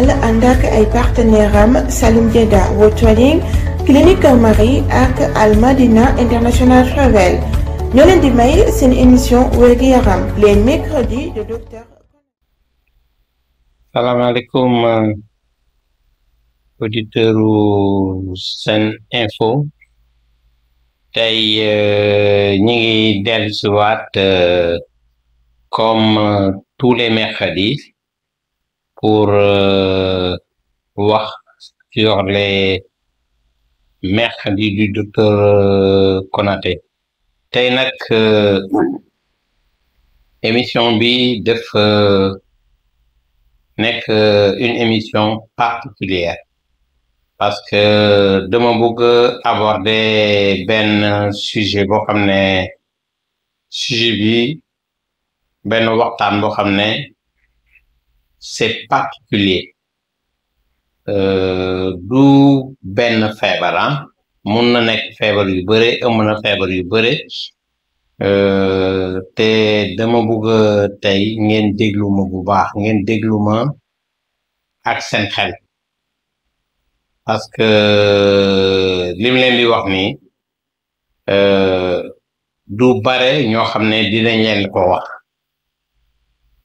Sénégal ànd ak ay partenaire am Salim Dieda World Trading Clinique Marie ak Al Madina International Travel ñoo leen di may seen émission wérgu yaram les mercredis de docteur. salaamaaleykum euh, auditeur u Sen Info tey euh, ñu ngi dellusiwaat euh, comme tous les mercredis. pour euh, voir sur les mercredis du docteur euh, Konaté tey nag euh, émission bi def euh, nekk une émission particulière parce que dama bëgg aborder benn sujet boo xam ne sujet bi benn waxtaan boo xam ne c'est particulier euh, du benn feebar ah na nekk feebar yu bëre ëmb na feebar yu bëre euh, te dama bëgg tey ngeen déglu ma bu baax ngeen déglu ak seen xel parce que euh, lim leen di wax nii du bare ñoo xam ne di dinañ leen ko wax.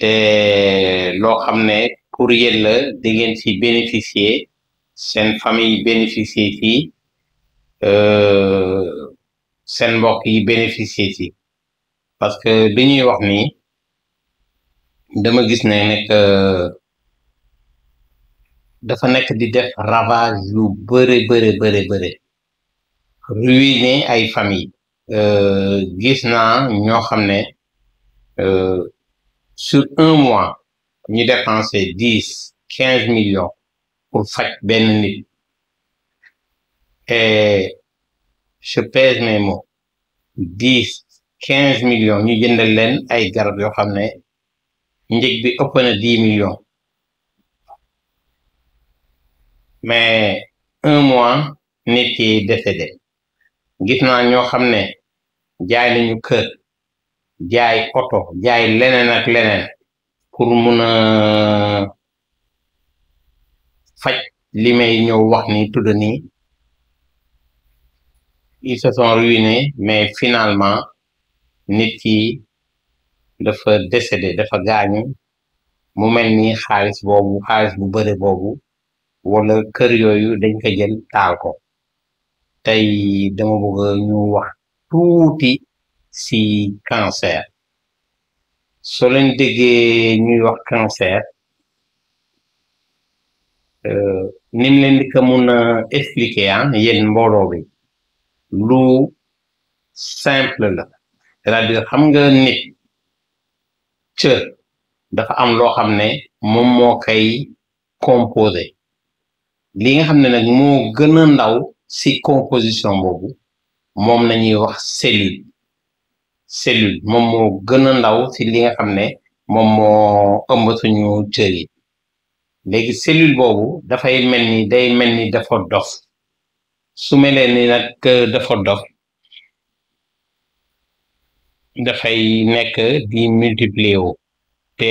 loo xam ne pour yéen la di ngeen ci bénéficier seen famille bénéficier ci euh, seen mbokk yi bénéficier ci parce que li ñuy wax ni dama gis ne nekk dafa nekk di def ravage yu bëre bëre bëre bëre ruiner ay famille euh, gis naa ñoo xam ne euh, sur un mois ñu dépensé dix quinze millions pour faj benn nit et je pèse mes dix quinze millions ñu jëndal leen ay garab yoo xam ne njëg bi ëpp na dix millions mais un mois nit ki décédé gis naa ñoo xam ne jaay nañu kër. jaay oto jaay leneen ak leneen pour mun a faj li may ñëw wax ni tudd nii ils se sont mais finalement nit ki dafa décédé dafa gaañu mu mel ni xaalis boobu xaalis bu bëri boobu wala kër yooyu dañ ko taal ko tey dama bëgg ñu wax tuuti si cancer soo leen déggee ñuy wax cancer euh, ni mu leen di mun a expliquer ah yéen mbooloo bi lu simple la cest à xam nga nit cër dafa am loo xam ne moom moo koy composé li nga xam ne nag moo gën a ndaw si composition boobu moom la ñuy wax cellule. cellule moom moo gën a ndaw si li nga xam ne moom moo ëmb suñu cër yi léegi cellule boobu dafay mel ni day mel ni dafa dof su melee ni nag euh, dafa dof dafay nekk di multiplier wu te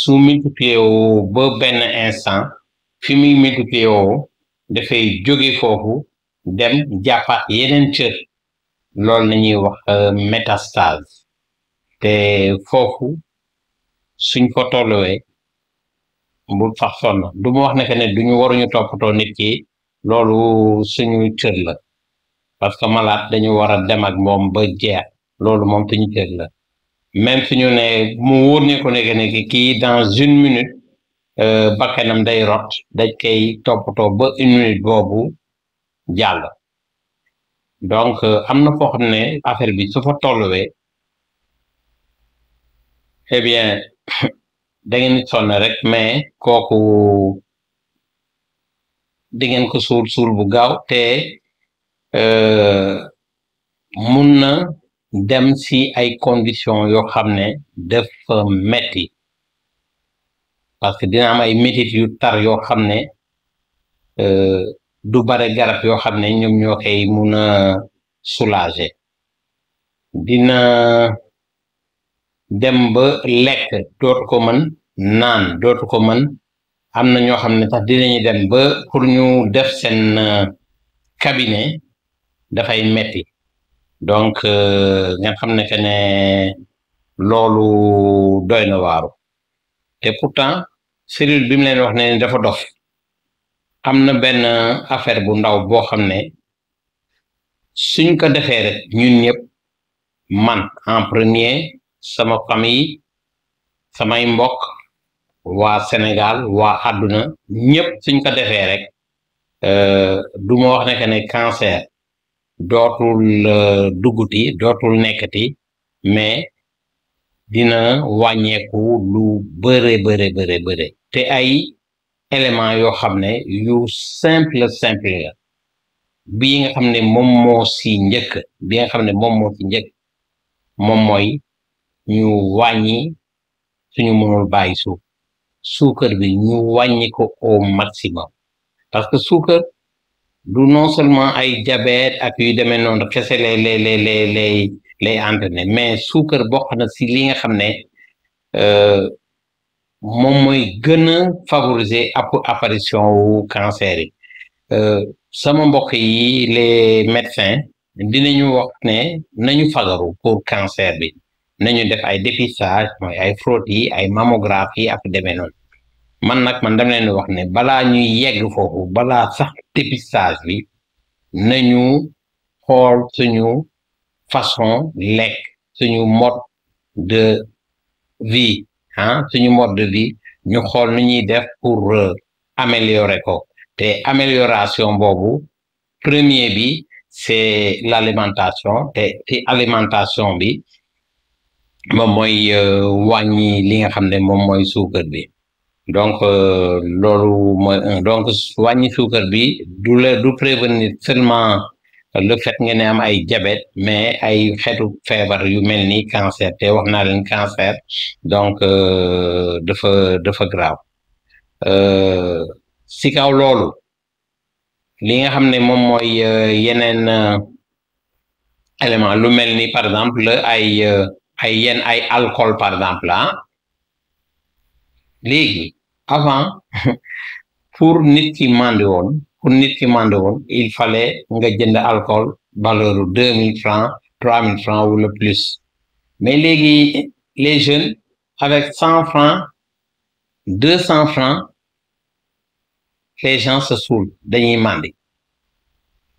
su multiplier wu ba benn instant fi muy multiplier wu dafay jóge foofu dem jàppa yeneen cër loolu la ñuy wax euh, métastase te foofu suñ ko tolluwee bul sax sonn du wax ne que ne duñu waruñu toppatoo nit ki loolu suñu cër la parce que malade dañu war a dem ak moom ba jeex loolu moom suñu cër la même suñu ne mu wóor ne ko kii dans une minute euh, bakkanam day rot dañ koy toppatoo ba une minute boobu jàll. donc euh, am na foo xam ne affaire bi su fa tolluwee eh bien da ngeen sonn rek mais kooku di ngeen ko suul suul bu gaaw te euh, mun na dem si ay conditions yoo xam ne dafa metti parce que dina am ay métit yu tar yoo xam ne. Euh, du bare garab yoo xam ne ñoom ñoo koy mun a soulager dina dem ba lekk dootu ko man naan dootu ko man am na ñoo xam ne tax dinañu dem ba pour ñu def seen euh, cabinet dafay metti donc euh, nga xam ne que ne doy na waaru te pourtant cellule bi mu leen wax ne dafa dof am na benn affaire bu ndaw boo xam ne suñ ko defee rek ñun ñëpp man en premier sama famille samay mbokk waa Sénégal waa àdduna ñëpp suñ ko defee rek euh, du ma wax ne que ne cancer dootul euh, dugguti dootul nekkati mais dina wàññeeku lu bëre bëre bëre bëre te élément yoo xam ne yu simple simple la bii nga xam ne moom moo si njëkk bi nga xam ne moom moo si njëkk moom mooy ñu wàññi suñu mënul bàyyi suuf suukar bi ñu wàññi ko au parce que suukar du non seulement ay diabète ak yu demee noonu kese lay lay lay lay lay mais suukar bokk na si li nga xam ne euh, moom mooy gën a favoriser app apparition wu cancer yi euh, sama mbokk yi le médecins dinañu wax ne nañu fagaru pour cancer bi nañu def ay dépistage mooy ay fraude yi ay mammographie ak demee noonu man nag man dama nu wax ne balaa ñuy yegg foofu bala sax dépistage bi nañu xool suñu façon lekk suñu mode de vie ah suñu mode de bi ñu xool nu ñuy def pour euh, améliorer ko te amélioration boobu premier bi c'est l'alimentation te alimentation bi moom mooy euh, wàññi li nga xam ne moom mooy suukar bi donc euh, loolu mooy donc wàññi suukar bi du prévenir seulement le fait ngeen am ay diabète mais ay xeetu feebar yu mel ni cancer te wax naa leen cancer donc euh, dafa dafa grave euh, si kaw loolu li nga xam ne moom mooy euh, yeneen élément lu mel ni par exemple ay ay yenn ay alcool par exemple ah léegi avant pour nit ki màndi woon pour nit ki mànduwul il falle nga jënd alcool valeur bu deux mille francs trois mille francs wala plus mais léegi les jeunes avec cent francs deux cent francs les gens se saoulent dañuy màndi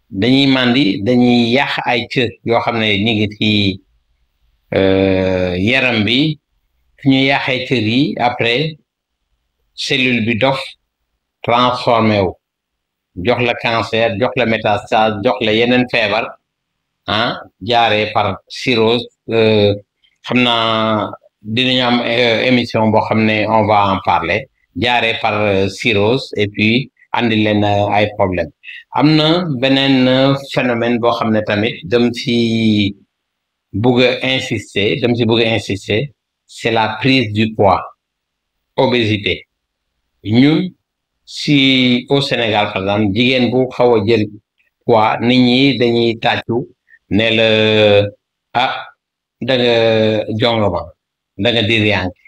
dañuy màndi dañuy yàq ay cër yoo xam ne ñu ngi ci euh, yaram bi su ñu ay cër yi après cellule bi dof transformé wu. jox la cancer jox la métastase jox la yeneen feebar ah jaaree par cirrhose euh, xam naa dinañu am euh, émission boo xam ne on va en parler jaaree par euh, cirrhose et puis andi leen ay problème am na beneen phénomène boo xam ne tamit dem si bëgg a insister dem si bëgg a insister c'est la prise du poids obésité ñun si au Sénégal par exemple jigéen bu xaw a jël waa nit ñi dañuy tàccu ne la ah da nga jongoma da nga dir yanke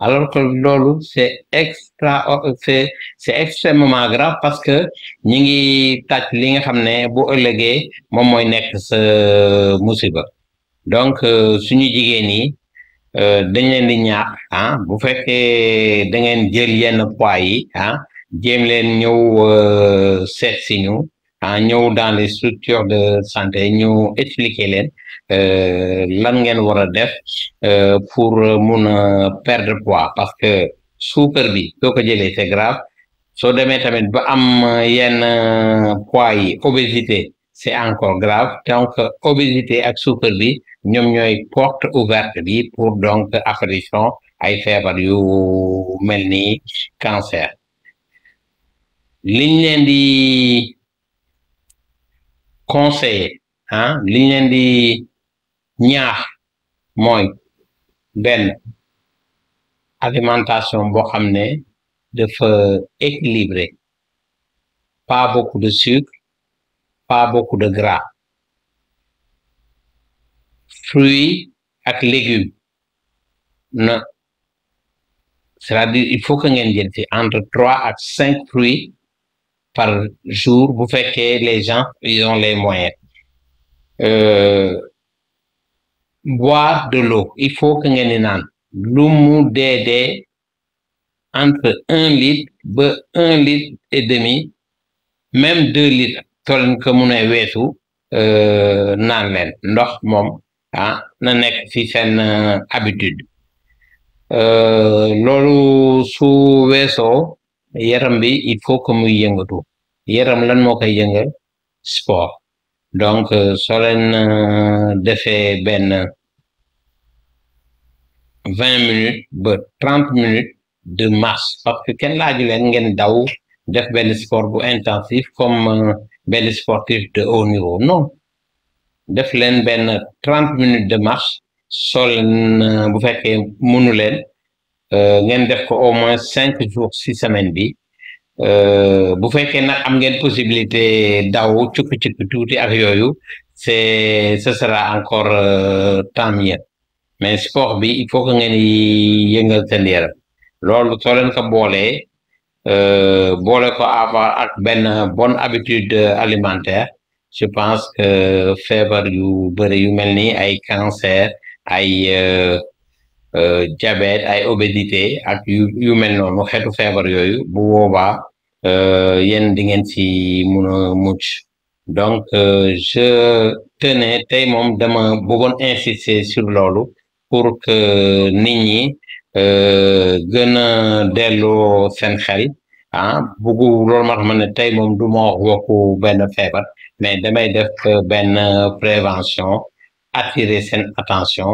alors que loolu c'est extra c'est c'est extrêmement grave parce que ñi ngi tàcc li nga xam ne bu ëllëgee moom mooy nekk sa musiba donc euh, suñu jigéen yi euh, dañ leen di ñaax ah, bu fekkee da ngeen jël yenn poids yi ah, jéem leen ñëw euh, seet si ñu ah ñëw dans les structures de santé ñu expliquer leen euh, lan ngeen war a def euh, pour mun a perdre poids parce que suukar bi soo ko jëlee c'est grave soo demee tamit ba am yenn poids yi obésité c'est encore grave donc obésité ak suukar bi ñoom ñooy porte ouverte bi pour donc apparition ay feebar yu mel ni cancer. liñ leen di conseiller ah liñ leen di ñaax mooy benn alimentation boo xam ne dafa équilibré pas beaucoup de sucre pas beaucoup de gras fruits ak légumes na c'est-à-dire il faut que ngeen jël fi entre trois at cinq fruits par jour bu fekkee les gens ils les moyens euh, boire de l'eau il faut que ngeen di naan lu mu dee dee entre un litre ba un litre et demi même deux litres tolen ko mun a weesu euh, naan leen ndox moom ah na nekk ci seen euh, habitude euh, loolu su weesoo yaram bi il faut que muy yëngatu yaram lan moo koy yëngal sport donc euh, soo leen euh, defee benn vingt minutes ba trente minutes de marche parce que kenn laaju ngeen daw def benn sport bu intensif comme euh, benn sportif de haut niveau non def leen benn trente minutes de marche soo bu fekkee mënu leen Euh, ngeen def ko au moins cinq jours ci semaine bi euh, bu fekkee na am ngeen possibilité daw cukki cukki tuuti ak yooyu c'est ce sera encore euh, tant mieux mais sport bi il faut que ngeen yëngal seen yaram loolu soo leen ko boolee boole ko avoir ak benn bonne habitude alimentaire je pense que feebar yu bëri yu mel ni ay cancer ay Euh, diabète ay obésité ak yu yu mel noonu xeetu feebar yooyu bu boobaa euh, yéen di ngeen ci mun a mucc donc euh, je tenais tey moom dama bëggoon insister sur loolu pour que nit ñi gën a delloo seen xel ah bëggu loolu moo tax ma ne tey moom du ma benn feebar mais damay def benn prévention attirer seen attention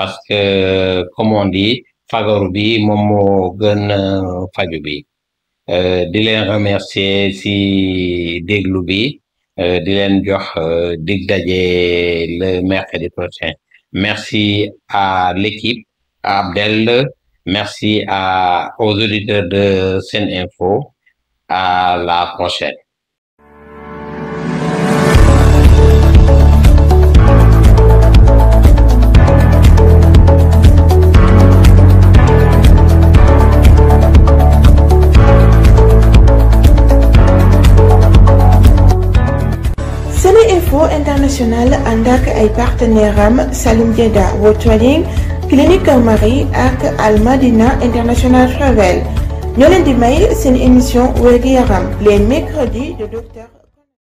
parce que comme on dit fagaru bi moom moo gën faju bi euh, di leen remercier si déglu bi euh, di leen jox euh, dig daje le mercredi prochain merci à l'équipe à Abdel merci à aux auditeurs de Seneinfo à la prochaine international ànd ak ay partenaire am Salim Dieda World Trading Clinique Marie ak Almadina International Travel ñoo leen di may seen émission wér-gu-yaram les mercredis de docteur